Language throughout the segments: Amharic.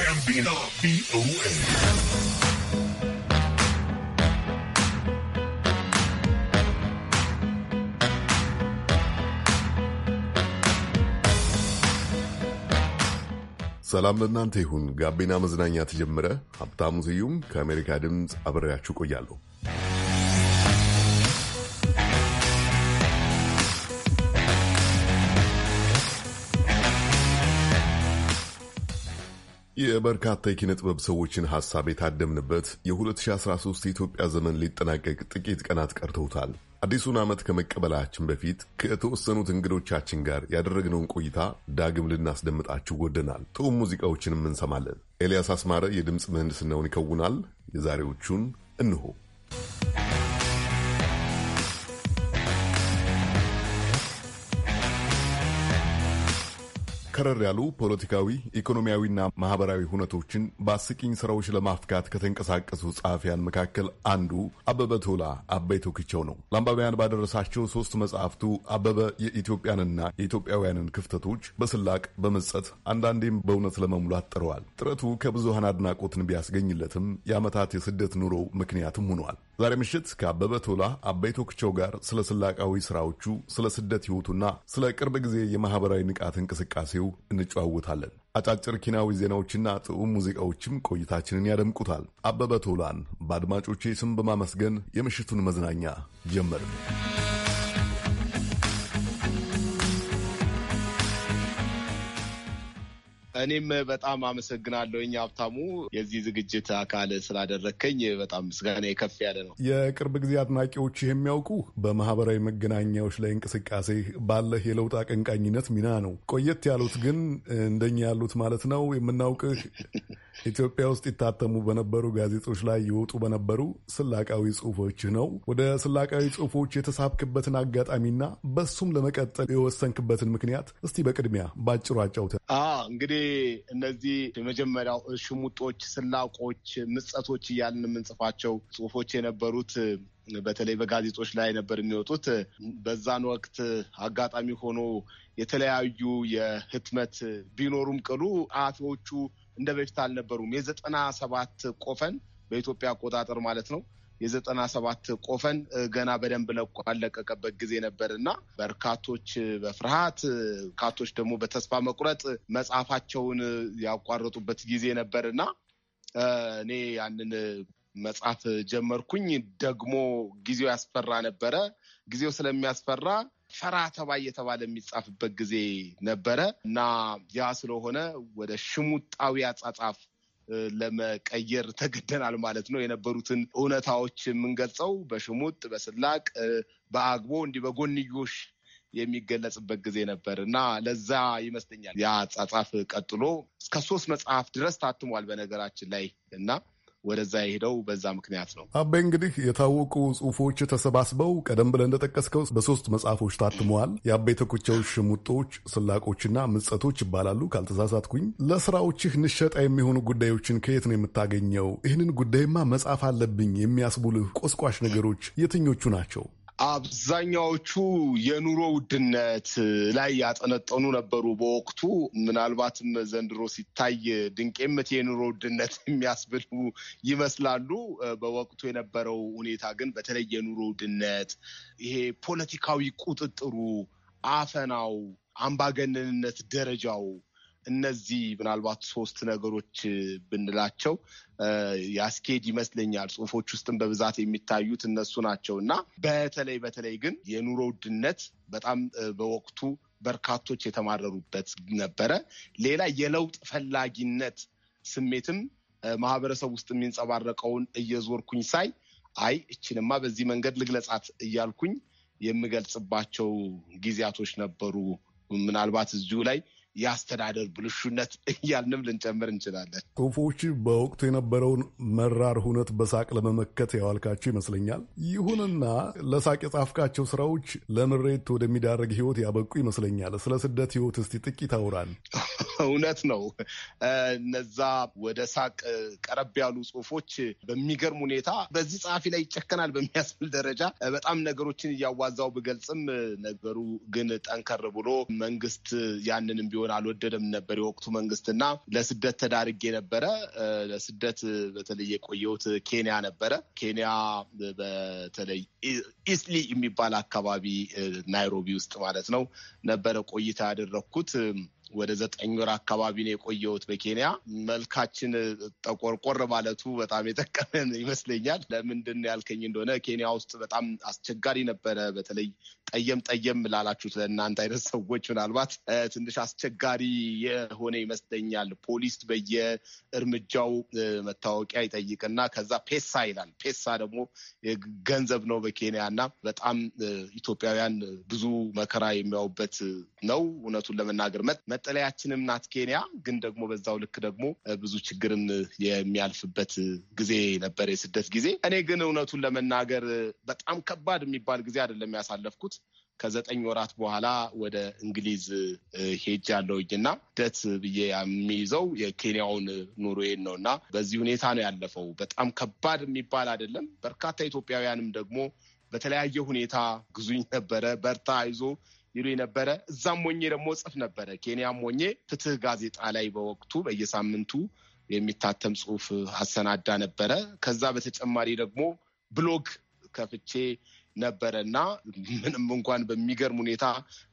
ጋቢና ሰላም ለእናንተ ይሁን። ጋቢና መዝናኛ ተጀመረ። ሀብታሙ ስዩም ከአሜሪካ ድምፅ አብሬያችሁ ቆያለሁ። የበርካታ የኪነ ጥበብ ሰዎችን ሀሳብ የታደምንበት የ2013 የኢትዮጵያ ዘመን ሊጠናቀቅ ጥቂት ቀናት ቀርተውታል። አዲሱን ዓመት ከመቀበላችን በፊት ከተወሰኑት እንግዶቻችን ጋር ያደረግነውን ቆይታ ዳግም ልናስደምጣችሁ ወደናል። ጥዑም ሙዚቃዎችንም እንሰማለን። ኤልያስ አስማረ የድምፅ ምህንድስናውን ይከውናል። የዛሬዎቹን እንሆ ከረር ያሉ ፖለቲካዊ ኢኮኖሚያዊና ማህበራዊ ሁነቶችን በአስቂኝ ስራዎች ለማፍካት ከተንቀሳቀሱ ጸሐፊያን መካከል አንዱ አበበ ቶላ አበይ ቶክቸው ነው። ለአንባቢያን ባደረሳቸው ሶስት መጽሐፍቱ አበበ የኢትዮጵያንና የኢትዮጵያውያንን ክፍተቶች በስላቅ በመጸት አንዳንዴም በእውነት ለመሙላት ጥረዋል። ጥረቱ ከብዙሃን አድናቆትን ቢያስገኝለትም የዓመታት የስደት ኑሮ ምክንያትም ሆኗል። ዛሬ ምሽት ከአበበ ቶላ አበይቶክቸው ጋር ስለ ስላቃዊ ስራዎቹ፣ ስለ ስደት ህይወቱና ስለ ቅርብ ጊዜ የማህበራዊ ንቃት እንቅስቃሴው እንጨዋወታለን። አጫጭር ኪናዊ ዜናዎችና ጥዑም ሙዚቃዎችም ቆይታችንን ያደምቁታል። አበበ ቶላን በአድማጮቼ ስም በማመስገን የምሽቱን መዝናኛ ጀመርን። እኔም በጣም አመሰግናለሁ። እኛ ሀብታሙ የዚህ ዝግጅት አካል ስላደረግከኝ በጣም ምስጋና ከፍ ያለ ነው። የቅርብ ጊዜ አድናቂዎች የሚያውቁ በማህበራዊ መገናኛዎች ላይ እንቅስቃሴ ባለህ የለውጥ አቀንቃኝነት ሚና ነው። ቆየት ያሉት ግን እንደኛ ያሉት ማለት ነው የምናውቅህ ኢትዮጵያ ውስጥ ይታተሙ በነበሩ ጋዜጦች ላይ ይወጡ በነበሩ ስላቃዊ ጽሁፎችህ ነው። ወደ ስላቃዊ ጽሁፎች የተሳብክበትን አጋጣሚና በሱም ለመቀጠል የወሰንክበትን ምክንያት እስቲ በቅድሚያ ባጭሩ አጫውተን። እንግዲህ እነዚህ የመጀመሪያው ሽሙጦች፣ ስላቆች፣ ምጸቶች እያልን የምንጽፋቸው ጽሁፎች የነበሩት በተለይ በጋዜጦች ላይ ነበር የሚወጡት። በዛን ወቅት አጋጣሚ ሆኖ የተለያዩ የህትመት ቢኖሩም ቅሉ አቶዎቹ እንደ በፊት አልነበሩም። የዘጠና ሰባት ቆፈን በኢትዮጵያ አቆጣጠር ማለት ነው የዘጠና ሰባት ቆፈን ገና በደንብ ለቆ ባለቀቀበት ጊዜ ነበር እና በርካቶች በፍርሃት በርካቶች ደግሞ በተስፋ መቁረጥ መጽሐፋቸውን ያቋረጡበት ጊዜ ነበር እና እኔ ያንን መጽሐፍ ጀመርኩኝ። ደግሞ ጊዜው ያስፈራ ነበረ። ጊዜው ስለሚያስፈራ ፈራ ተባ እየተባለ የሚጻፍበት ጊዜ ነበረ እና ያ ስለሆነ ወደ ሽሙጣዊ አጻጻፍ ለመቀየር ተገደናል ማለት ነው። የነበሩትን እውነታዎች የምንገልጸው በሽሙጥ፣ በስላቅ፣ በአግቦ እንዲህ በጎንዮሽ የሚገለጽበት ጊዜ ነበር እና ለዛ ይመስለኛል ያ አጻጻፍ ቀጥሎ እስከ ሶስት መጽሐፍ ድረስ ታትሟል በነገራችን ላይ እና ወደዛ የሄደው በዛ ምክንያት ነው። አባይ እንግዲህ የታወቁ ጽሁፎች ተሰባስበው ቀደም ብለን እንደጠቀስከው በሶስት መጽሐፎች ታትመዋል። የአቤ ተኮቻዎች ሽሙጦች፣ ስላቆችና ምጸቶች ይባላሉ ካልተሳሳትኩኝ። ለስራዎችህ ንሸጣ የሚሆኑ ጉዳዮችን ከየት ነው የምታገኘው? ይህንን ጉዳይማ መጽሐፍ አለብኝ የሚያስቡልህ ቆስቋሽ ነገሮች የትኞቹ ናቸው? አብዛኛዎቹ የኑሮ ውድነት ላይ ያጠነጠኑ ነበሩ በወቅቱ። ምናልባትም ዘንድሮ ሲታይ የምት የኑሮ ውድነት የሚያስብሉ ይመስላሉ። በወቅቱ የነበረው ሁኔታ ግን በተለይ የኑሮ ውድነት፣ ይሄ ፖለቲካዊ ቁጥጥሩ፣ አፈናው፣ አምባገነንነት ደረጃው እነዚህ ምናልባት ሶስት ነገሮች ብንላቸው ያስኬድ ይመስለኛል። ጽሁፎች ውስጥም በብዛት የሚታዩት እነሱ ናቸው እና በተለይ በተለይ ግን የኑሮ ውድነት በጣም በወቅቱ በርካቶች የተማረሩበት ነበረ። ሌላ የለውጥ ፈላጊነት ስሜትም ማህበረሰብ ውስጥ የሚንጸባረቀውን እየዞርኩኝ ሳይ አይ እችንማ በዚህ መንገድ ልግለጻት እያልኩኝ የምገልጽባቸው ጊዜያቶች ነበሩ። ምናልባት እዚሁ ላይ የአስተዳደር ብልሹነት እያልንም ልንጨምር እንችላለን። ኮንፎዎች በወቅቱ የነበረውን መራር ሁነት በሳቅ ለመመከት ያዋልካቸው ይመስለኛል። ይሁንና ለሳቅ የጻፍካቸው ስራዎች ለምሬት ወደሚዳረግ ህይወት ያበቁ ይመስለኛል። ስለ ስደት ህይወት እስቲ ጥቂት አውራን። እውነት ነው። እነዛ ወደ ሳቅ ቀረብ ያሉ ጽሁፎች በሚገርም ሁኔታ በዚህ ጸሐፊ ላይ ይጨከናል በሚያስብል ደረጃ በጣም ነገሮችን እያዋዛው ብገልጽም ነገሩ ግን ጠንከር ብሎ መንግስት ያንንም ቢሆን ሊሆን አልወደደም ነበር የወቅቱ መንግስትና ለስደት ተዳርጌ ነበረ። ለስደት በተለይ የቆየሁት ኬንያ ነበረ። ኬንያ በተለይ ኢስሊ የሚባል አካባቢ ናይሮቢ ውስጥ ማለት ነው ነበረ ቆይታ ያደረግኩት። ወደ ዘጠኝ ወር አካባቢ ነው የቆየሁት በኬንያ። መልካችን ጠቆርቆር ማለቱ በጣም የጠቀመን ይመስለኛል። ለምንድን ያልከኝ እንደሆነ ኬንያ ውስጥ በጣም አስቸጋሪ ነበረ። በተለይ ጠየም ጠየም ላላችሁት ለእናንተ አይነት ሰዎች ምናልባት ትንሽ አስቸጋሪ የሆነ ይመስለኛል። ፖሊስ በየእርምጃው መታወቂያ ይጠይቅና ከዛ ፔሳ ይላል። ፔሳ ደግሞ ገንዘብ ነው በኬንያ እና በጣም ኢትዮጵያውያን ብዙ መከራ የሚያዩበት ነው እውነቱን ለመናገር መ መጠለያችንም ናት ኬንያ። ግን ደግሞ በዛው ልክ ደግሞ ብዙ ችግርም የሚያልፍበት ጊዜ ነበር የስደት ጊዜ። እኔ ግን እውነቱን ለመናገር በጣም ከባድ የሚባል ጊዜ አይደለም ያሳለፍኩት። ከዘጠኝ ወራት በኋላ ወደ እንግሊዝ ሄጅ ያለውኝና ደት ብዬ የሚይዘው የኬንያውን ኑሮዬን ነው እና በዚህ ሁኔታ ነው ያለፈው። በጣም ከባድ የሚባል አይደለም። በርካታ ኢትዮጵያውያንም ደግሞ በተለያየ ሁኔታ ግዙኝ ነበረ። በርታ፣ አይዞህ ይሉ የነበረ እዛም ሞኜ ደግሞ ጽፍ ነበረ። ኬንያም ሞኜ ፍትህ ጋዜጣ ላይ በወቅቱ በየሳምንቱ የሚታተም ጽሁፍ አሰናዳ ነበረ። ከዛ በተጨማሪ ደግሞ ብሎግ ከፍቼ ነበረ እና ምንም እንኳን በሚገርም ሁኔታ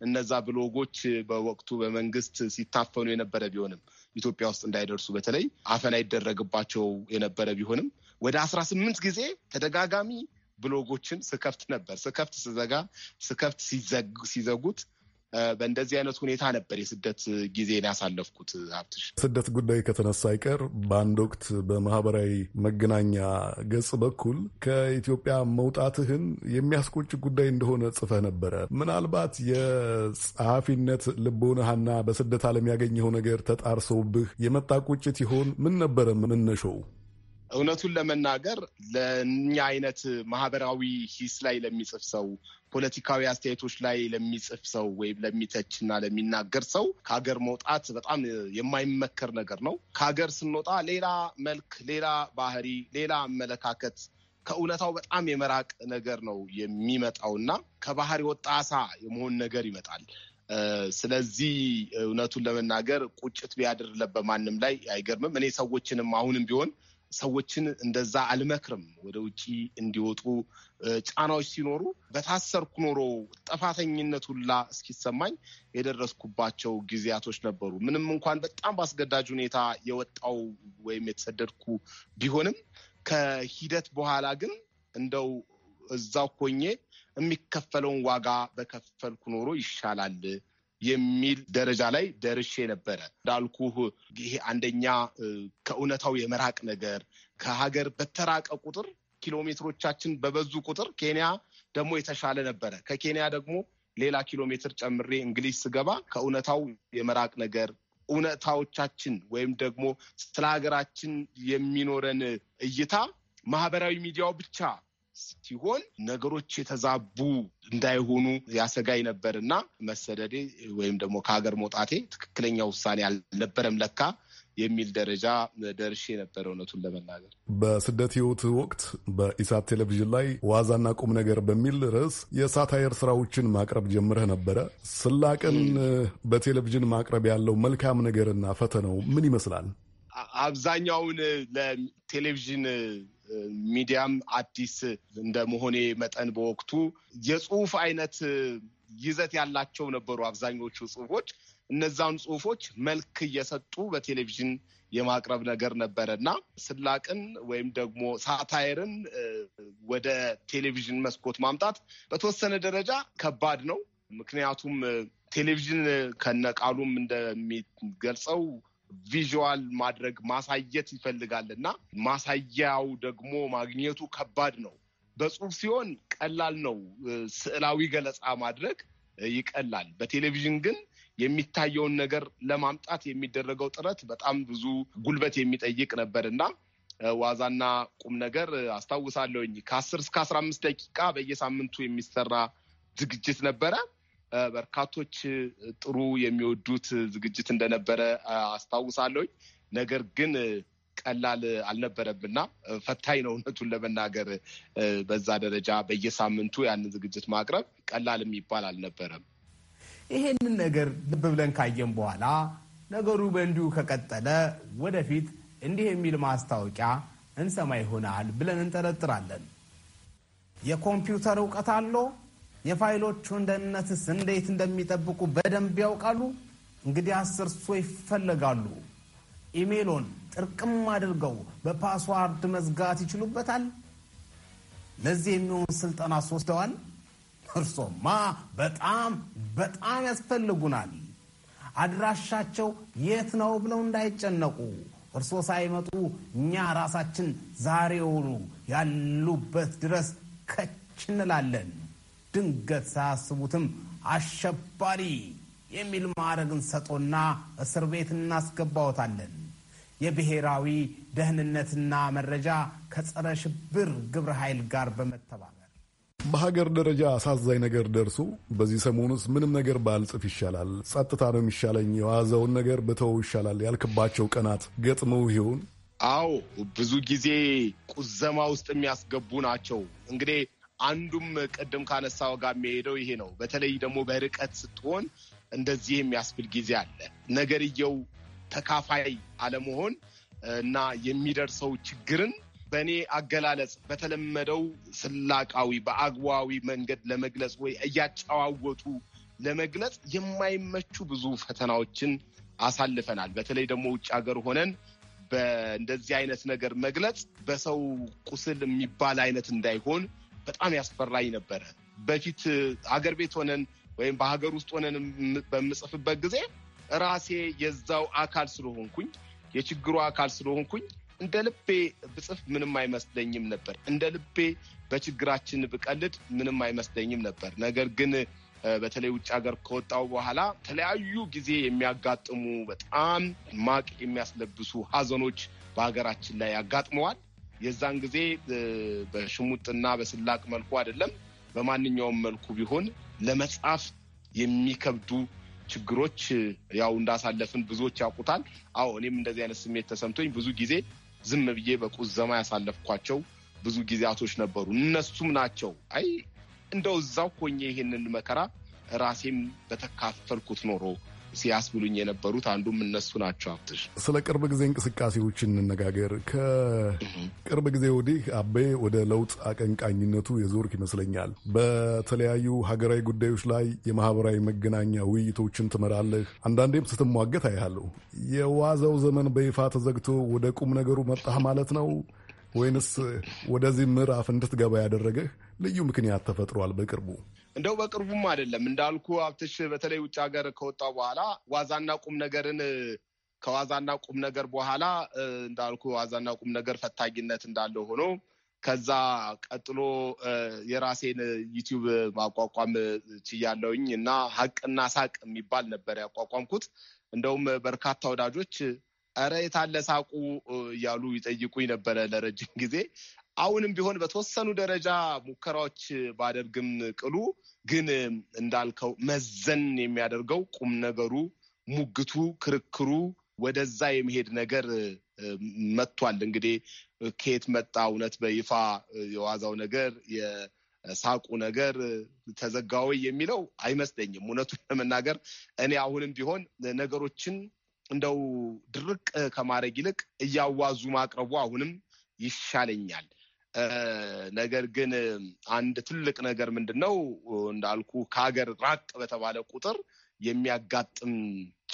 እነዛ ብሎጎች በወቅቱ በመንግስት ሲታፈኑ የነበረ ቢሆንም ኢትዮጵያ ውስጥ እንዳይደርሱ በተለይ አፈና ይደረግባቸው የነበረ ቢሆንም ወደ አስራ ስምንት ጊዜ ተደጋጋሚ ብሎጎችን ስከፍት ነበር። ስከፍት ስዘጋ፣ ስከፍት ሲዘጉት በእንደዚህ አይነት ሁኔታ ነበር የስደት ጊዜን ያሳለፍኩት። ሀብትሽ ስደት ጉዳይ ከተነሳ አይቀር በአንድ ወቅት በማህበራዊ መገናኛ ገጽ በኩል ከኢትዮጵያ መውጣትህን የሚያስቆጭ ጉዳይ እንደሆነ ጽፈህ ነበረ። ምናልባት የጸሐፊነት ልቦናህና በስደት ዓለም ያገኘኸው ነገር ተጣርሰውብህ የመጣ ቁጭት ይሆን? ምን ነበረ መነሾው? እውነቱን ለመናገር ለእኛ አይነት ማህበራዊ ሂስ ላይ ለሚጽፍ ሰው ፖለቲካዊ አስተያየቶች ላይ ለሚጽፍ ሰው ወይም ለሚተች እና ለሚናገር ሰው ከሀገር መውጣት በጣም የማይመከር ነገር ነው። ከሀገር ስንወጣ ሌላ መልክ፣ ሌላ ባህሪ፣ ሌላ አመለካከት ከእውነታው በጣም የመራቅ ነገር ነው የሚመጣው እና ከባህር የወጣ አሳ የመሆን ነገር ይመጣል። ስለዚህ እውነቱን ለመናገር ቁጭት ቢያድር በማንም ላይ አይገርምም። እኔ ሰዎችንም አሁንም ቢሆን ሰዎችን እንደዛ አልመክርም። ወደ ውጭ እንዲወጡ ጫናዎች ሲኖሩ በታሰርኩ ኖሮ ጠፋተኝነት ሁላ እስኪሰማኝ የደረስኩባቸው ጊዜያቶች ነበሩ። ምንም እንኳን በጣም በአስገዳጅ ሁኔታ የወጣው ወይም የተሰደድኩ ቢሆንም ከሂደት በኋላ ግን እንደው እዛው ኮኜ የሚከፈለውን ዋጋ በከፈልኩ ኖሮ ይሻላል የሚል ደረጃ ላይ ደርሼ ነበረ። እንዳልኩህ ይሄ አንደኛ ከእውነታው የመራቅ ነገር ከሀገር በተራቀ ቁጥር ኪሎ ሜትሮቻችን በበዙ ቁጥር ኬንያ ደግሞ የተሻለ ነበረ። ከኬንያ ደግሞ ሌላ ኪሎ ሜትር ጨምሬ እንግሊዝ ስገባ ከእውነታው የመራቅ ነገር እውነታዎቻችን ወይም ደግሞ ስለ ሀገራችን የሚኖረን እይታ ማህበራዊ ሚዲያው ብቻ ሲሆን ነገሮች የተዛቡ እንዳይሆኑ ያሰጋኝ ነበር እና መሰደዴ ወይም ደግሞ ከሀገር መውጣቴ ትክክለኛ ውሳኔ አልነበረም ለካ የሚል ደረጃ ደርሼ የነበረ እውነቱን ለመናገር በስደት ህይወት ወቅት በኢሳት ቴሌቪዥን ላይ ዋዛና ቁም ነገር በሚል ርዕስ የሳታየር ስራዎችን ማቅረብ ጀምረህ ነበረ። ስላቅን በቴሌቪዥን ማቅረብ ያለው መልካም ነገርና ፈተናው ምን ይመስላል? አብዛኛውን ለቴሌቪዥን ሚዲያም አዲስ እንደ መሆኔ መጠን በወቅቱ የጽሁፍ አይነት ይዘት ያላቸው ነበሩ አብዛኞቹ ጽሁፎች። እነዛን ጽሁፎች መልክ እየሰጡ በቴሌቪዥን የማቅረብ ነገር ነበረ እና ስላቅን ወይም ደግሞ ሳታይርን ወደ ቴሌቪዥን መስኮት ማምጣት በተወሰነ ደረጃ ከባድ ነው። ምክንያቱም ቴሌቪዥን ከነቃሉም እንደሚገልጸው ቪዥዋል ማድረግ ማሳየት ይፈልጋል እና ማሳያው ደግሞ ማግኘቱ ከባድ ነው። በጽሁፍ ሲሆን ቀላል ነው። ስዕላዊ ገለጻ ማድረግ ይቀላል። በቴሌቪዥን ግን የሚታየውን ነገር ለማምጣት የሚደረገው ጥረት በጣም ብዙ ጉልበት የሚጠይቅ ነበር እና ዋዛና ቁም ነገር አስታውሳለሁኝ ከአስር እስከ አስራ አምስት ደቂቃ በየሳምንቱ የሚሰራ ዝግጅት ነበረ። በርካቶች ጥሩ የሚወዱት ዝግጅት እንደነበረ አስታውሳለሁኝ። ነገር ግን ቀላል አልነበረምና ፈታኝ ነው። እውነቱን ለመናገር በዛ ደረጃ በየሳምንቱ ያንን ዝግጅት ማቅረብ ቀላል የሚባል አልነበረም። ይሄንን ነገር ልብ ብለን ካየን በኋላ ነገሩ በእንዲሁ ከቀጠለ ወደፊት እንዲህ የሚል ማስታወቂያ እንሰማ ይሆናል ብለን እንጠረጥራለን። የኮምፒውተር እውቀት አለው የፋይሎቹን ደህንነትስ እንዴት እንደሚጠብቁ በደንብ ያውቃሉ። እንግዲህ አስር ሶ ይፈለጋሉ። ኢሜሎን ጥርቅም አድርገው በፓስዋርድ መዝጋት ይችሉበታል። ለዚህ የሚሆን ስልጠና ወስደዋል። እርሶማ በጣም በጣም ያስፈልጉናል። አድራሻቸው የት ነው ብለው እንዳይጨነቁ፣ እርሶ ሳይመጡ እኛ ራሳችን ዛሬውኑ ያሉበት ድረስ ከች እንላለን። ድንገት ሳያስቡትም አሸባሪ የሚል ማዕረግን ሰጦና እስር ቤት እናስገባዎታለን። የብሔራዊ ደህንነትና መረጃ ከጸረ ሽብር ግብረ ኃይል ጋር በመተባበር በሀገር ደረጃ አሳዛኝ ነገር ደርሶ በዚህ ሰሞኑስ ምንም ነገር ባልጽፍ ይሻላል፣ ጸጥታ ነው የሚሻለኝ፣ የዋዘውን ነገር በተወው ይሻላል ያልክባቸው ቀናት ገጥመው ይሆን? አዎ ብዙ ጊዜ ቁዘማ ውስጥ የሚያስገቡ ናቸው። እንግዲህ አንዱም ቅድም ካነሳው ጋር የሚሄደው ይሄ ነው። በተለይ ደግሞ በርቀት ስትሆን እንደዚህ የሚያስብል ጊዜ አለ። ነገርየው ተካፋይ አለመሆን እና የሚደርሰው ችግርን በእኔ አገላለጽ በተለመደው ስላቃዊ በአግባዊ መንገድ ለመግለጽ ወይ እያጨዋወቱ ለመግለጽ የማይመቹ ብዙ ፈተናዎችን አሳልፈናል። በተለይ ደግሞ ውጭ ሀገር ሆነን በእንደዚህ አይነት ነገር መግለጽ በሰው ቁስል የሚባል አይነት እንዳይሆን በጣም ያስፈራኝ ነበረ። በፊት ሀገር ቤት ሆነን ወይም በሀገር ውስጥ ሆነን በምጽፍበት ጊዜ ራሴ የዛው አካል ስለሆንኩኝ የችግሩ አካል ስለሆንኩኝ እንደ ልቤ ብጽፍ ምንም አይመስለኝም ነበር። እንደ ልቤ በችግራችን ብቀልድ ምንም አይመስለኝም ነበር። ነገር ግን በተለይ ውጭ ሀገር ከወጣው በኋላ ተለያዩ ጊዜ የሚያጋጥሙ በጣም ማቅ የሚያስለብሱ ሀዘኖች በሀገራችን ላይ ያጋጥመዋል። የዛን ጊዜ በሽሙጥና በስላቅ መልኩ አይደለም፣ በማንኛውም መልኩ ቢሆን ለመጻፍ የሚከብዱ ችግሮች ያው እንዳሳለፍን ብዙዎች ያውቁታል። አዎ እኔም እንደዚህ አይነት ስሜት ተሰምቶኝ ብዙ ጊዜ ዝም ብዬ በቁዘማ ያሳለፍኳቸው ብዙ ጊዜያቶች ነበሩ። እነሱም ናቸው አይ እንደው እዛው ኮኜ ይሄንን መከራ ራሴም በተካፈልኩት ኖሮ ሲያስብሉኝ የነበሩት አንዱም እነሱ ናቸው። አብትሽ ስለ ቅርብ ጊዜ እንቅስቃሴዎች እንነጋገር። ከቅርብ ጊዜ ወዲህ አቤ ወደ ለውጥ አቀንቃኝነቱ የዞርክ ይመስለኛል። በተለያዩ ሀገራዊ ጉዳዮች ላይ የማህበራዊ መገናኛ ውይይቶችን ትመራለህ። አንዳንዴም ስትሟገት አይሃለሁ። የዋዛው ዘመን በይፋ ተዘግቶ ወደ ቁም ነገሩ መጣህ ማለት ነው ወይንስ ወደዚህ ምዕራፍ እንድትገባ ያደረገህ ልዩ ምክንያት ተፈጥሯል? በቅርቡ እንደው በቅርቡም አይደለም እንዳልኩ ሀብትሽ በተለይ ውጭ ሀገር ከወጣ በኋላ ዋዛና ቁም ነገርን ከዋዛና ቁም ነገር በኋላ እንዳልኩ ዋዛና ቁም ነገር ፈታኝነት እንዳለው ሆኖ ከዛ ቀጥሎ የራሴን ዩቲዩብ ማቋቋም ችያለውኝ እና ሀቅና ሳቅ የሚባል ነበር ያቋቋምኩት። እንደውም በርካታ ወዳጆች ኧረ የታለ ሳቁ እያሉ ይጠይቁኝ ነበረ ለረጅም ጊዜ። አሁንም ቢሆን በተወሰኑ ደረጃ ሙከራዎች ባደርግም ቅሉ ግን እንዳልከው መዘን የሚያደርገው ቁም ነገሩ፣ ሙግቱ፣ ክርክሩ ወደዛ የመሄድ ነገር መጥቷል። እንግዲህ ከየት መጣ እውነት በይፋ የዋዛው ነገር የሳቁ ነገር ተዘጋዊ የሚለው አይመስለኝም። እውነቱን ለመናገር እኔ አሁንም ቢሆን ነገሮችን እንደው ድርቅ ከማድረግ ይልቅ እያዋዙ ማቅረቡ አሁንም ይሻለኛል። ነገር ግን አንድ ትልቅ ነገር ምንድን ነው እንዳልኩ ከሀገር ራቅ በተባለ ቁጥር የሚያጋጥም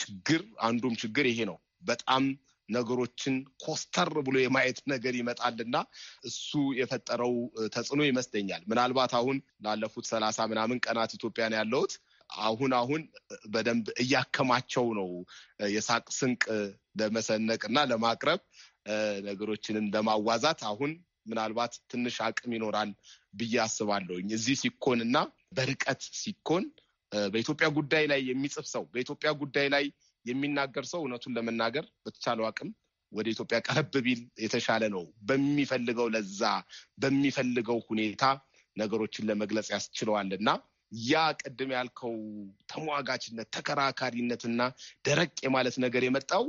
ችግር አንዱም ችግር ይሄ ነው። በጣም ነገሮችን ኮስተር ብሎ የማየት ነገር ይመጣልና እሱ የፈጠረው ተጽዕኖ ይመስለኛል። ምናልባት አሁን ላለፉት ሰላሳ ምናምን ቀናት ኢትዮጵያ ነው ያለሁት አሁን አሁን በደንብ እያከማቸው ነው የሳቅ ስንቅ ለመሰነቅ እና ለማቅረብ ነገሮችንም ለማዋዛት አሁን ምናልባት ትንሽ አቅም ይኖራል ብዬ አስባለሁኝ። እዚህ ሲኮን እና በርቀት ሲኮን በኢትዮጵያ ጉዳይ ላይ የሚጽፍ ሰው በኢትዮጵያ ጉዳይ ላይ የሚናገር ሰው እውነቱን ለመናገር በተቻለው አቅም ወደ ኢትዮጵያ ቀረብ ቢል የተሻለ ነው። በሚፈልገው ለዛ በሚፈልገው ሁኔታ ነገሮችን ለመግለጽ ያስችለዋል እና ያ ቅድም ያልከው ተሟጋችነት፣ ተከራካሪነትና ደረቅ የማለት ነገር የመጣው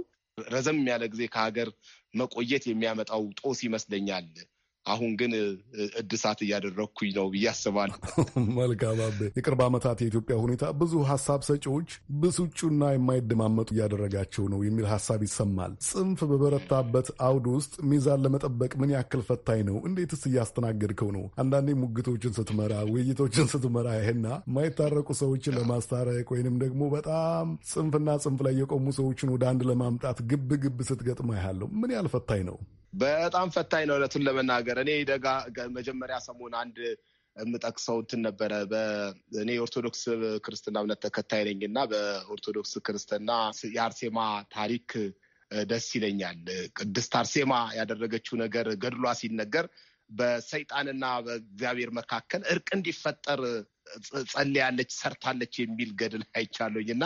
ረዘም ያለ ጊዜ ከሀገር መቆየት የሚያመጣው ጦስ ይመስለኛል። አሁን ግን እድሳት እያደረግኩኝ ነው ብዬ መልካም አቤ፣ የቅርብ ዓመታት የኢትዮጵያ ሁኔታ ብዙ ሀሳብ ሰጪዎች ብስጩና የማይደማመጡ እያደረጋቸው ነው የሚል ሀሳብ ይሰማል። ጽንፍ በበረታበት አውድ ውስጥ ሚዛን ለመጠበቅ ምን ያክል ፈታኝ ነው? እንዴትስ እያስተናገድከው ነው? አንዳንዴ ሙግቶችን ስትመራ፣ ውይይቶችን ስትመራ ይህና የማይታረቁ ሰዎችን ለማስታረቅ ወይንም ደግሞ በጣም ጽንፍና ጽንፍ ላይ የቆሙ ሰዎችን ወደ አንድ ለማምጣት ግብ ግብ ስትገጥማ ያለው ምን ያህል ፈታኝ ነው? በጣም ፈታኝ ነው። እውነቱን ለመናገር እኔ ደጋ መጀመሪያ ሰሞን አንድ የምጠቅሰው እንትን ነበረ። እኔ የኦርቶዶክስ ክርስትና እምነት ተከታይ ነኝ እና በኦርቶዶክስ ክርስትና የአርሴማ ታሪክ ደስ ይለኛል። ቅድስት አርሴማ ያደረገችው ነገር ገድሏ ሲነገር በሰይጣንና በእግዚአብሔር መካከል እርቅ እንዲፈጠር ጸልያለች፣ ሰርታለች የሚል ገድል አይቻለኝ እና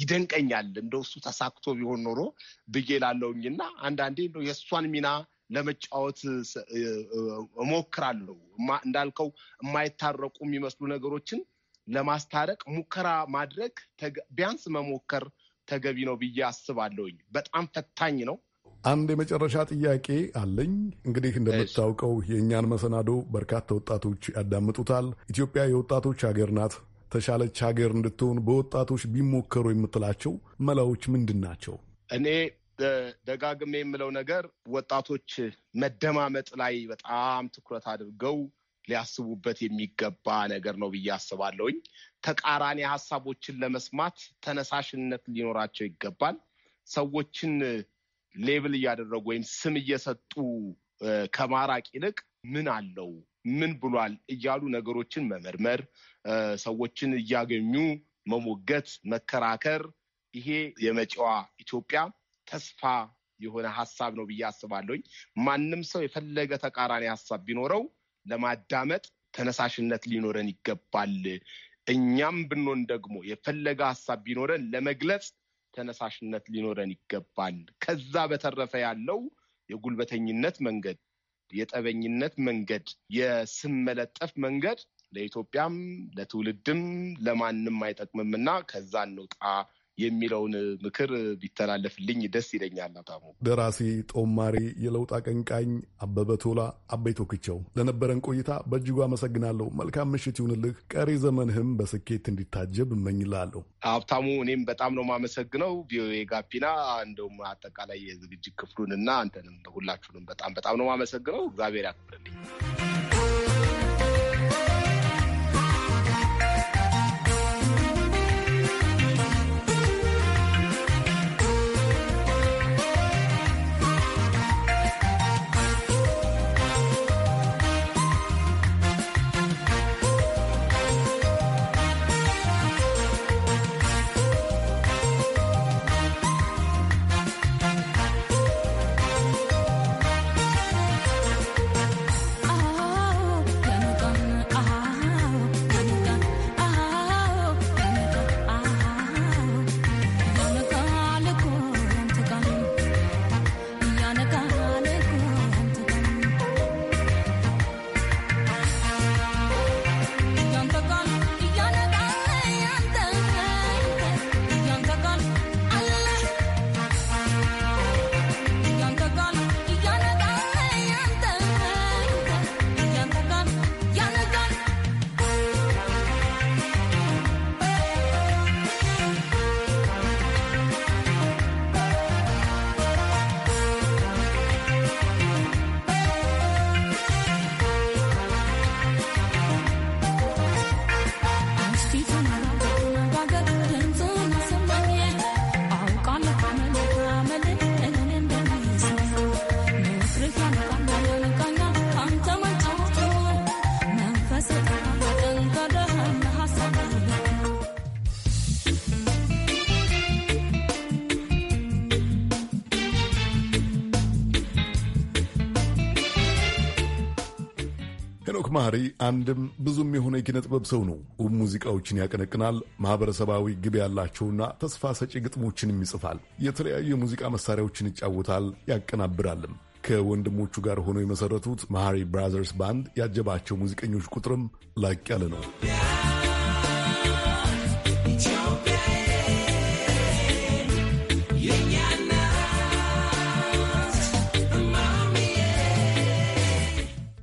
ይደንቀኛል። እንደ እሱ ተሳክቶ ቢሆን ኖሮ ብዬ ላለውኝ እና አንዳንዴ እንደው የእሷን ሚና ለመጫወት እሞክራለሁ። እንዳልከው የማይታረቁ የሚመስሉ ነገሮችን ለማስታረቅ ሙከራ ማድረግ ቢያንስ መሞከር ተገቢ ነው ብዬ አስባለሁኝ። በጣም ፈታኝ ነው። አንድ የመጨረሻ ጥያቄ አለኝ። እንግዲህ እንደምታውቀው የእኛን መሰናዶ በርካታ ወጣቶች ያዳምጡታል። ኢትዮጵያ የወጣቶች ሀገር ናት። ተሻለች ሀገር እንድትሆን በወጣቶች ቢሞከሩ የምትላቸው መላዎች ምንድን ናቸው? እኔ ደጋግሜ የምለው ነገር ወጣቶች መደማመጥ ላይ በጣም ትኩረት አድርገው ሊያስቡበት የሚገባ ነገር ነው ብዬ አስባለሁኝ። ተቃራኒ ሀሳቦችን ለመስማት ተነሳሽነት ሊኖራቸው ይገባል። ሰዎችን ሌብል እያደረጉ ወይም ስም እየሰጡ ከማራቅ ይልቅ ምን አለው ምን ብሏል እያሉ ነገሮችን መመርመር፣ ሰዎችን እያገኙ መሞገት፣ መከራከር ይሄ የመጪዋ ኢትዮጵያ ተስፋ የሆነ ሀሳብ ነው ብዬ አስባለሁኝ። ማንም ሰው የፈለገ ተቃራኒ ሀሳብ ቢኖረው ለማዳመጥ ተነሳሽነት ሊኖረን ይገባል። እኛም ብንሆን ደግሞ የፈለገ ሀሳብ ቢኖረን ለመግለጽ ተነሳሽነት ሊኖረን ይገባል። ከዛ በተረፈ ያለው የጉልበተኝነት መንገድ፣ የጠበኝነት መንገድ፣ የስም መለጠፍ መንገድ ለኢትዮጵያም ለትውልድም ለማንም አይጠቅምም እና ከዛ እንውጣ የሚለውን ምክር ቢተላለፍልኝ ደስ ይለኛል። አታሙ ደራሲ፣ ጦማሪ፣ የለውጥ አቀንቃኝ አበበ ቶላ አቤ ቶክቸው፣ ለነበረን ቆይታ በእጅጉ አመሰግናለሁ። መልካም ምሽት ይሁንልህ። ቀሪ ዘመንህም በስኬት እንዲታጀብ እመኝላለሁ። ሀብታሙ፣ እኔም በጣም ነው የማመሰግነው። ቪኦኤ ጋቢና እንደውም አጠቃላይ የዝግጅት ክፍሉን እና አንተንም ሁላችሁንም በጣም በጣም ነው የማመሰግነው። እግዚአብሔር ያክብርልኝ። በተጨማሪ አንድም ብዙም የሆነ የኪነ ጥበብ ሰው ነው። ውብ ሙዚቃዎችን ያቀነቅናል። ማህበረሰባዊ ግብ ያላቸውና ተስፋ ሰጪ ግጥሞችንም ይጽፋል። የተለያዩ የሙዚቃ መሳሪያዎችን ይጫወታል፣ ያቀናብራልም። ከወንድሞቹ ጋር ሆነው የመሠረቱት ማሃሪ ብራዘርስ ባንድ ያጀባቸው ሙዚቀኞች ቁጥርም ላቅ ያለ ነው።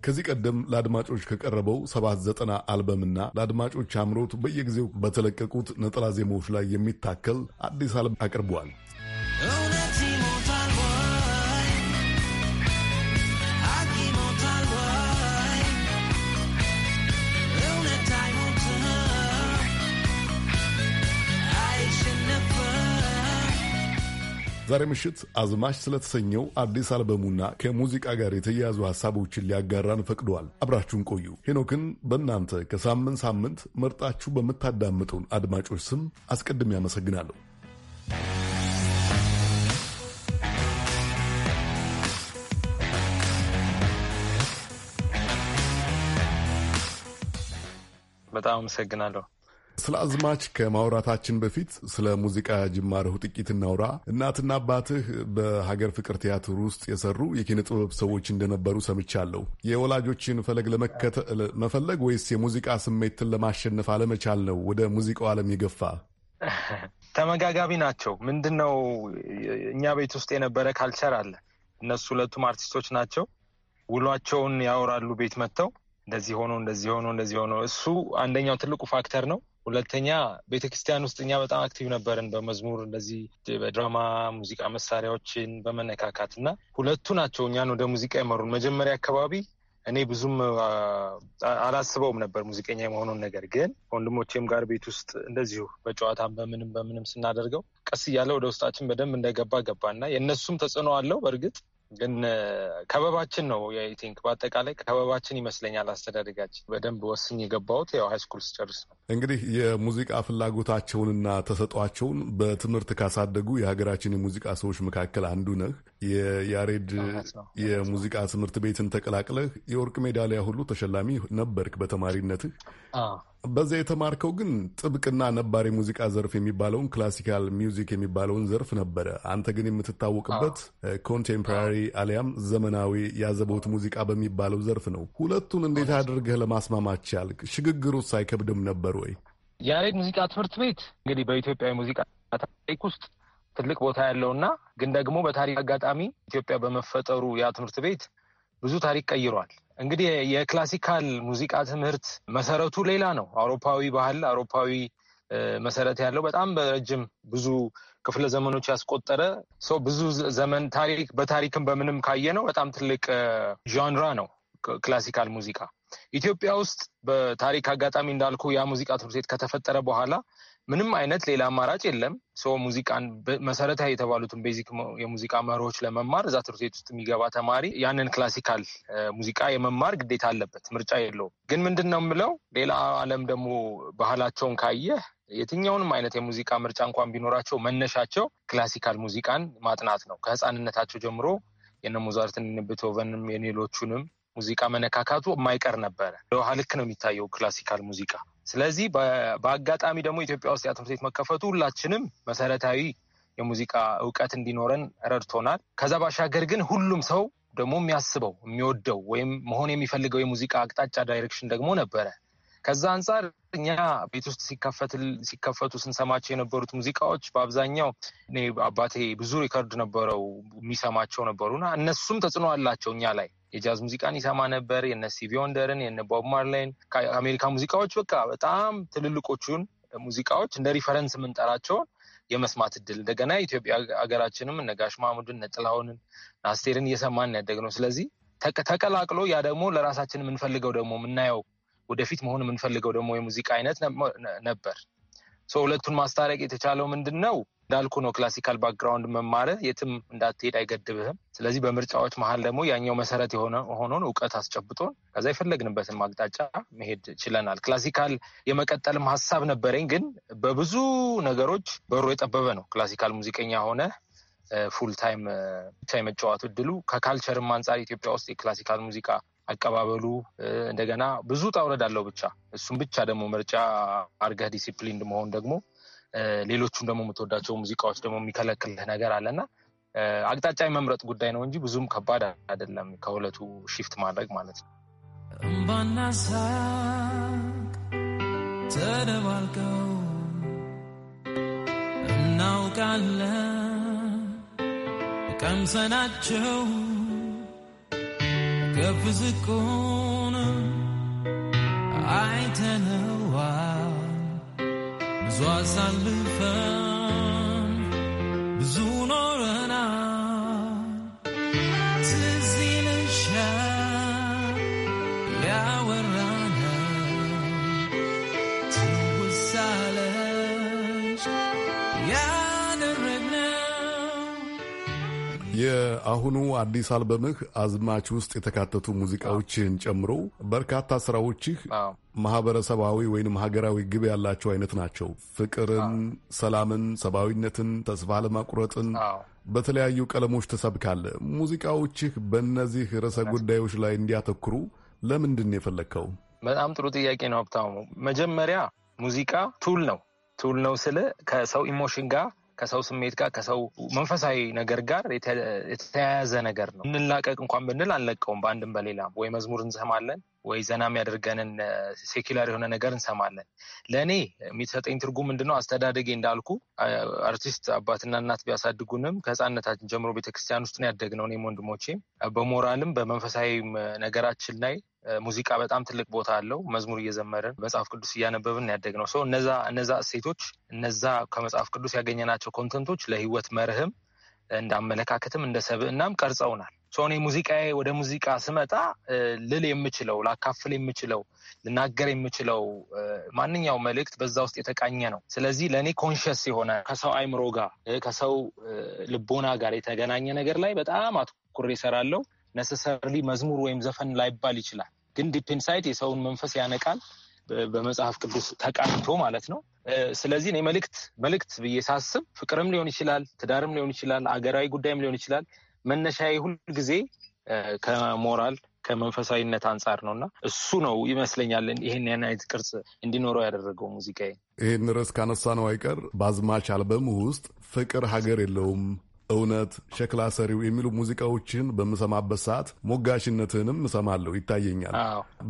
ከዚህ ቀደም ለአድማጮች ከቀረበው ሰባት ዘጠና አልበምና ለአድማጮች አምሮት በየጊዜው በተለቀቁት ነጠላ ዜማዎች ላይ የሚታከል አዲስ አልበም አቅርበዋል። ዛሬ ምሽት አዝማች ስለተሰኘው አዲስ አልበሙና ከሙዚቃ ጋር የተያያዙ ሀሳቦችን ሊያጋራን ፈቅደዋል። አብራችሁን ቆዩ። ሄኖክን በእናንተ ከሳምንት ሳምንት መርጣችሁ በምታዳምጡን አድማጮች ስም አስቀድሜ አመሰግናለሁ። በጣም አመሰግናለሁ። ስለ አዝማች ከማውራታችን በፊት ስለ ሙዚቃ ጅማርህ ጥቂት እናውራ። እናትና አባትህ በሀገር ፍቅር ቲያትር ውስጥ የሰሩ የኪነ ጥበብ ሰዎች እንደነበሩ ሰምቻለሁ። የወላጆችን ፈለግ መፈለግ ወይስ የሙዚቃ ስሜትን ለማሸነፍ አለመቻል ነው ወደ ሙዚቃው ዓለም የገፋ? ተመጋጋቢ ናቸው። ምንድን ነው እኛ ቤት ውስጥ የነበረ ካልቸር አለ። እነሱ ሁለቱም አርቲስቶች ናቸው። ውሏቸውን ያወራሉ ቤት መጥተው እንደዚህ ሆኖ እንደዚህ ሆኖ እንደዚህ ሆኖ። እሱ አንደኛው ትልቁ ፋክተር ነው። ሁለተኛ ቤተክርስቲያን ውስጥ እኛ በጣም አክቲቭ ነበርን። በመዝሙር እንደዚህ በድራማ ሙዚቃ መሳሪያዎችን በመነካካት እና ሁለቱ ናቸው እኛን ወደ ሙዚቃ የመሩን። መጀመሪያ አካባቢ እኔ ብዙም አላስበውም ነበር ሙዚቀኛ የመሆኑን ነገር ግን ወንድሞቼም ጋር ቤት ውስጥ እንደዚሁ በጨዋታም በምንም በምንም ስናደርገው ቀስ እያለ ወደ ውስጣችን በደንብ እንደገባ እና የእነሱም ተጽዕኖ አለው በእርግጥ ግን ከበባችን ነው ቲንክ በአጠቃላይ ከበባችን ይመስለኛል አስተዳደጋችን በደንብ ወስኝ የገባሁት ያው ሃይስኩል ስጨርስ ነው። እንግዲህ የሙዚቃ ፍላጎታቸውንና ተሰጧቸውን በትምህርት ካሳደጉ የሀገራችን የሙዚቃ ሰዎች መካከል አንዱ ነህ። የያሬድ የሙዚቃ ትምህርት ቤትን ተቀላቅለህ የወርቅ ሜዳሊያ ሁሉ ተሸላሚ ነበርክ በተማሪነትህ። በዚያ የተማርከው ግን ጥብቅና ነባር የሙዚቃ ዘርፍ የሚባለውን ክላሲካል ሚውዚክ የሚባለውን ዘርፍ ነበረ። አንተ ግን የምትታወቅበት ኮንቴምፖራሪ አሊያም ዘመናዊ ያዘቦት ሙዚቃ በሚባለው ዘርፍ ነው። ሁለቱን እንዴት አድርገህ ለማስማማት ቻልክ? ሽግግሩ አይከብድም ነበር ወይ? ያሬድ ሙዚቃ ትምህርት ቤት እንግዲህ በኢትዮጵያ ሙዚቃ ታሪክ ውስጥ ትልቅ ቦታ ያለውና ግን ደግሞ በታሪክ አጋጣሚ ኢትዮጵያ በመፈጠሩ ያ ትምህርት ቤት ብዙ ታሪክ ቀይሯል። እንግዲህ የክላሲካል ሙዚቃ ትምህርት መሰረቱ ሌላ ነው። አውሮፓዊ ባህል፣ አውሮፓዊ መሰረት ያለው በጣም በረጅም ብዙ ክፍለ ዘመኖች ያስቆጠረ ሰው ብዙ ዘመን ታሪክ በታሪክም በምንም ካየ ነው በጣም ትልቅ ዣንራ ነው ክላሲካል ሙዚቃ። ኢትዮጵያ ውስጥ በታሪክ አጋጣሚ እንዳልኩ ያ ሙዚቃ ትምህርት ቤት ከተፈጠረ በኋላ ምንም አይነት ሌላ አማራጭ የለም። ሰው ሙዚቃን መሰረታዊ የተባሉትን ቤዚክ የሙዚቃ መርሆች ለመማር እዛ ትምህርት ቤት ውስጥ የሚገባ ተማሪ ያንን ክላሲካል ሙዚቃ የመማር ግዴታ አለበት፣ ምርጫ የለውም። ግን ምንድን ነው የምለው ሌላ ዓለም ደግሞ ባህላቸውን ካየህ የትኛውንም አይነት የሙዚቃ ምርጫ እንኳን ቢኖራቸው መነሻቸው ክላሲካል ሙዚቃን ማጥናት ነው። ከህፃንነታቸው ጀምሮ የነ ሞዛርትን ቤቶቨንም የሌሎቹንም ሙዚቃ መነካካቱ የማይቀር ነበረ። ለውሃ ልክ ነው የሚታየው ክላሲካል ሙዚቃ ስለዚህ በአጋጣሚ ደግሞ ኢትዮጵያ ውስጥ ያ ትምህርት ቤት መከፈቱ ሁላችንም መሰረታዊ የሙዚቃ እውቀት እንዲኖረን ረድቶናል። ከዛ ባሻገር ግን ሁሉም ሰው ደግሞ የሚያስበው የሚወደው ወይም መሆን የሚፈልገው የሙዚቃ አቅጣጫ ዳይሬክሽን ደግሞ ነበረ። ከዛ አንጻር እኛ ቤት ውስጥ ሲከፈቱ ስንሰማቸው የነበሩት ሙዚቃዎች በአብዛኛው አባቴ ብዙ ሪከርድ ነበረው የሚሰማቸው ነበሩና እነሱም ተጽዕኖ አላቸው እኛ ላይ የጃዝ ሙዚቃን ይሰማ ነበር። የነ ስቲቪ ወንደርን የነ ቦብ ማርላይን ከአሜሪካ ሙዚቃዎች በቃ በጣም ትልልቆቹን ሙዚቃዎች እንደ ሪፈረንስ የምንጠራቸውን የመስማት እድል እንደገና ኢትዮጵያ ሀገራችንም እነ ጋሽ ማሙድን እነ ጥላሁንን አስቴርን እየሰማን ነው። ስለዚህ ተቀላቅሎ ያ ደግሞ ለራሳችን የምንፈልገው ደግሞ የምናየው ወደፊት መሆን የምንፈልገው ደግሞ የሙዚቃ አይነት ነበር። ሁለቱን ማስታረቅ የተቻለው ምንድን ነው? እንዳልኩ ነው ክላሲካል ባክግራውንድ መማር የትም እንዳትሄድ አይገድብህም። ስለዚህ በምርጫዎች መሀል ደግሞ ያኛው መሰረት የሆነውን እውቀት አስጨብጦን ከዛ የፈለግንበትን ማቅጣጫ መሄድ ችለናል። ክላሲካል የመቀጠልም ሀሳብ ነበረኝ፣ ግን በብዙ ነገሮች በሮ የጠበበ ነው። ክላሲካል ሙዚቀኛ ሆነ ፉል ታይም ብቻ የመጫወት እድሉ ከካልቸርም አንጻር ኢትዮጵያ ውስጥ የክላሲካል ሙዚቃ አቀባበሉ እንደገና ብዙ ጣውረድ አለው። ብቻ እሱም ብቻ ደግሞ ምርጫ አርገህ ዲሲፕሊን መሆን ደግሞ ሌሎቹን ደግሞ የምትወዳቸው ሙዚቃዎች ደግሞ የሚከለክልህ ነገር አለና አቅጣጫ የመምረጥ ጉዳይ ነው እንጂ ብዙም ከባድ አይደለም። ከሁለቱ ሺፍት ማድረግ ማለት ነው። እምባና ሳቅ ተደባልቀው እናውቃለን ቀምሰናቸው ከፍዝቁን አይተነው Zoas à የአሁኑ አዲስ አልበምህ አዝማች ውስጥ የተካተቱ ሙዚቃዎችህን ጨምሮ በርካታ ስራዎችህ ማህበረሰባዊ ወይንም ሀገራዊ ግብ ያላቸው አይነት ናቸው። ፍቅርን፣ ሰላምን፣ ሰብአዊነትን፣ ተስፋ ለማቁረጥን በተለያዩ ቀለሞች ተሰብካለ። ሙዚቃዎችህ በእነዚህ ርዕሰ ጉዳዮች ላይ እንዲያተኩሩ ለምንድን የፈለግከው? በጣም ጥሩ ጥያቄ ነው ሀብታሙ። መጀመሪያ ሙዚቃ ቱል ነው። ቱል ነው ስለ ከሰው ኢሞሽን ጋር ከሰው ስሜት ጋር ከሰው መንፈሳዊ ነገር ጋር የተያያዘ ነገር ነው። እንላቀቅ እንኳን ብንል አንለቀውም። በአንድም በሌላም ወይ መዝሙር እንሰማለን ወይ ዘና የሚያደርገንን ሴኪላር የሆነ ነገር እንሰማለን። ለእኔ የሚሰጠኝ ትርጉም ምንድነው? አስተዳደጌ እንዳልኩ አርቲስት አባትና እናት ቢያሳድጉንም ከህፃነታችን ጀምሮ ቤተክርስቲያን ውስጥ ነው ያደግነው። እኔም ወንድሞቼም በሞራልም በመንፈሳዊ ነገራችን ላይ ሙዚቃ በጣም ትልቅ ቦታ አለው። መዝሙር እየዘመርን መጽሐፍ ቅዱስ እያነበብን ያደግ ነው እነዛ እነዛ እሴቶች እነዛ ከመጽሐፍ ቅዱስ ያገኘናቸው ኮንተንቶች ለህይወት መርህም እንደ አመለካከትም እንደ ሰብእናም ቀርጸውናል። እኔ ሙዚቃዬ ወደ ሙዚቃ ስመጣ ልል የምችለው ላካፍል የምችለው ልናገር የምችለው ማንኛው መልእክት በዛ ውስጥ የተቃኘ ነው። ስለዚህ ለእኔ ኮንሽስ የሆነ ከሰው አይምሮ ጋር ከሰው ልቦና ጋር የተገናኘ ነገር ላይ በጣም አትኩሬ እሰራለሁ። ነሰሰርሊ መዝሙር ወይም ዘፈን ላይባል ይችላል ግን ዲፕንሳይት የሰውን መንፈስ ያነቃል በመጽሐፍ ቅዱስ ተቃኝቶ ማለት ነው። ስለዚህ እኔ መልእክት መልእክት ብዬ ሳስብ ፍቅርም ሊሆን ይችላል፣ ትዳርም ሊሆን ይችላል፣ አገራዊ ጉዳይም ሊሆን ይችላል። መነሻዬ ሁል ጊዜ ከሞራል ከመንፈሳዊነት አንጻር ነው እና እሱ ነው ይመስለኛል ይህን አይነት ቅርጽ እንዲኖረው ያደረገው ሙዚቃ ይህን ርዕስ ካነሳ ነው አይቀር በአዝማች አልበም ውስጥ ፍቅር ሀገር የለውም እውነት፣ ሸክላ ሰሪው የሚሉ ሙዚቃዎችን በምሰማበት ሰዓት ሞጋሽነትህንም እሰማለሁ፣ ይታየኛል።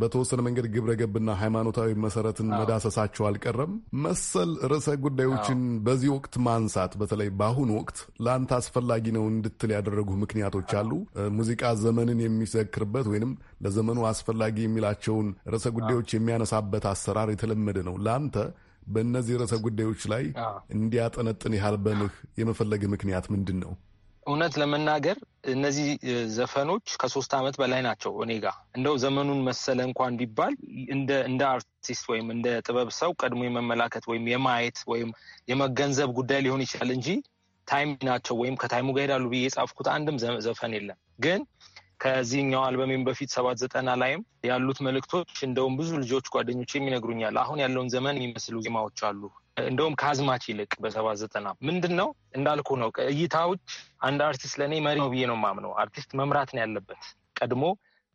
በተወሰነ መንገድ ግብረ ገብና ሃይማኖታዊ መሰረትን መዳሰሳቸው አልቀረም። መሰል ርዕሰ ጉዳዮችን በዚህ ወቅት ማንሳት በተለይ በአሁኑ ወቅት ለአንተ አስፈላጊ ነው እንድትል ያደረጉ ምክንያቶች አሉ? ሙዚቃ ዘመንን የሚዘክርበት ወይንም ለዘመኑ አስፈላጊ የሚላቸውን ርዕሰ ጉዳዮች የሚያነሳበት አሰራር የተለመደ ነው። ለአንተ በእነዚህ ርዕሰ ጉዳዮች ላይ እንዲያጠነጥን ያልበንህ የመፈለግ ምክንያት ምንድን ነው? እውነት ለመናገር እነዚህ ዘፈኖች ከሶስት ዓመት በላይ ናቸው እኔ ጋ እንደው ዘመኑን መሰለ እንኳን ቢባል እንደ አርቲስት ወይም እንደ ጥበብ ሰው ቀድሞ የመመላከት ወይም የማየት ወይም የመገንዘብ ጉዳይ ሊሆን ይችላል እንጂ ታይም ናቸው ወይም ከታይሙ ጋር ሄዳሉ ብዬ የጻፍኩት አንድም ዘፈን የለም። ግን ከዚህኛው አልበሜም በፊት ሰባት ዘጠና ላይም ያሉት መልእክቶች እንደውም ብዙ ልጆች ጓደኞች የሚነግሩኛል አሁን ያለውን ዘመን የሚመስሉ ዜማዎች አሉ እንደውም ከአዝማች ይልቅ በሰባት ዘጠና ምንድን ነው እንዳልኩ ነው እይታዎች አንድ አርቲስት ለእኔ መሪ ነው ብዬ ነው ማምነው አርቲስት መምራት ነው ያለበት ቀድሞ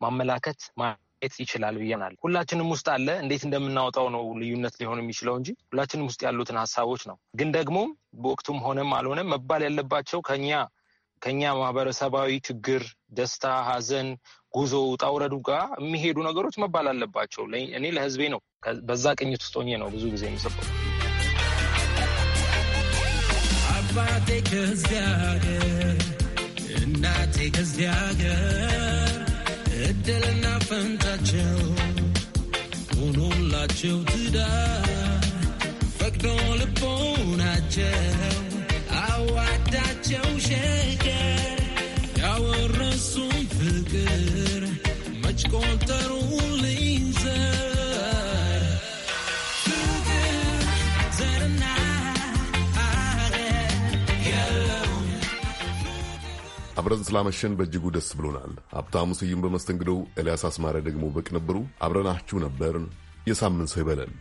ማመላከት ማየት ይችላል ብዬናል ሁላችንም ውስጥ አለ እንዴት እንደምናወጣው ነው ልዩነት ሊሆን የሚችለው እንጂ ሁላችንም ውስጥ ያሉትን ሀሳቦች ነው ግን ደግሞ በወቅቱም ሆነም አልሆነም መባል ያለባቸው ከኛ ከኛ ማህበረሰባዊ ችግር፣ ደስታ፣ ሐዘን፣ ጉዞ፣ ውጣ ውረዱ ጋር የሚሄዱ ነገሮች መባል አለባቸው። እኔ ለህዝቤ ነው። በዛ ቅኝት ውስጥ ሆኜ ነው ብዙ ጊዜ የሚጽፈው። አባቴ ከዚያ ሀገር፣ እናቴ ከዚያ እድልና ፈንታቸው ሆኖላቸው ትዳር ፈቅዶ ልቦናቸው ናቸው ሸከር ያወረሱን ፍቅር መች ቆጠሩልኝ ዘር አብረን ስላመሸን በእጅጉ ደስ ብሎናል። ሀብታሙ ስዩም በመስተንግዶው፣ ኤልያስ አስማረ ደግሞ በቅንብሩ አብረናችሁ ነበርን። የሳምንት ሰው ይበለን።